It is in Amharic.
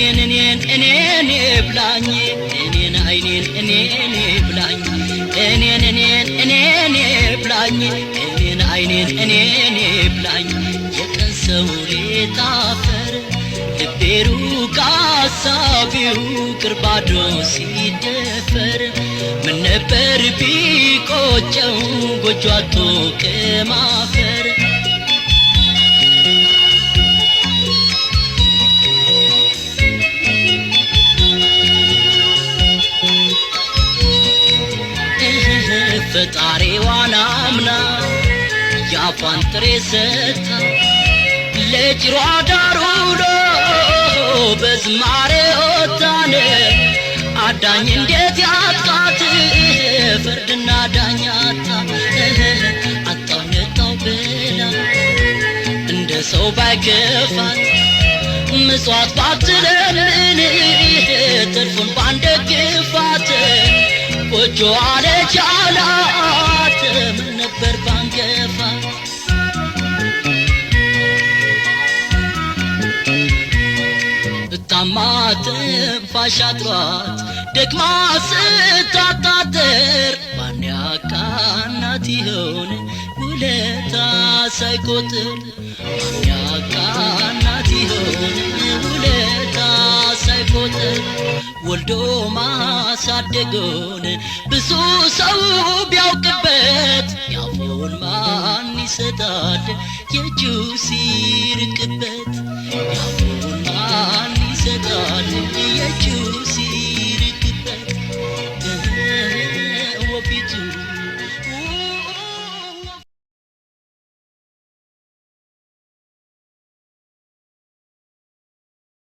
እኔን እኔን እኔን ብላኝ እኔን አይኔን እኔን ብላኝ እኔን እኔን እኔን ብላኝ እኔን አይኔን እኔን ብላኝ የቀን ሰው ሌታፈር ልቤ ሩቅ አሳቢው ቅርባዶ ሲደፈር ምን ነበር ቢቆጨው ጎጆ አቶ ከማፈር ፈጣሪዋን አምና የአፏን ጥሬ ሰጥታ ለጭሯ ዳር ውሎ በዝማሬ ወጣን አዳኝ እንዴት ያጣት ፍርድና ዳኛታ አጣው ነጣው ብላ እንደ ሰው ባይከፋት ምጽዋት ባትለምን ትርፉን ባንደግፋት ቁጮ አለች አላትም ነበር ባንገፋ እታማትም ፋሻጥሯት ደክማ ስታጣጥር ማን ያቃናት ይሆን ውለታ ሳይቆጥር ማን ያቃናት ይሆን ውለታ ሳይቆጥር ወልዶ ማሳደጉን ብዙ ሰው ቢያውቅበት ያፉን ማን ይሰጣል የእጁ ሲርቅበት ያፉን ማን ይሰጣል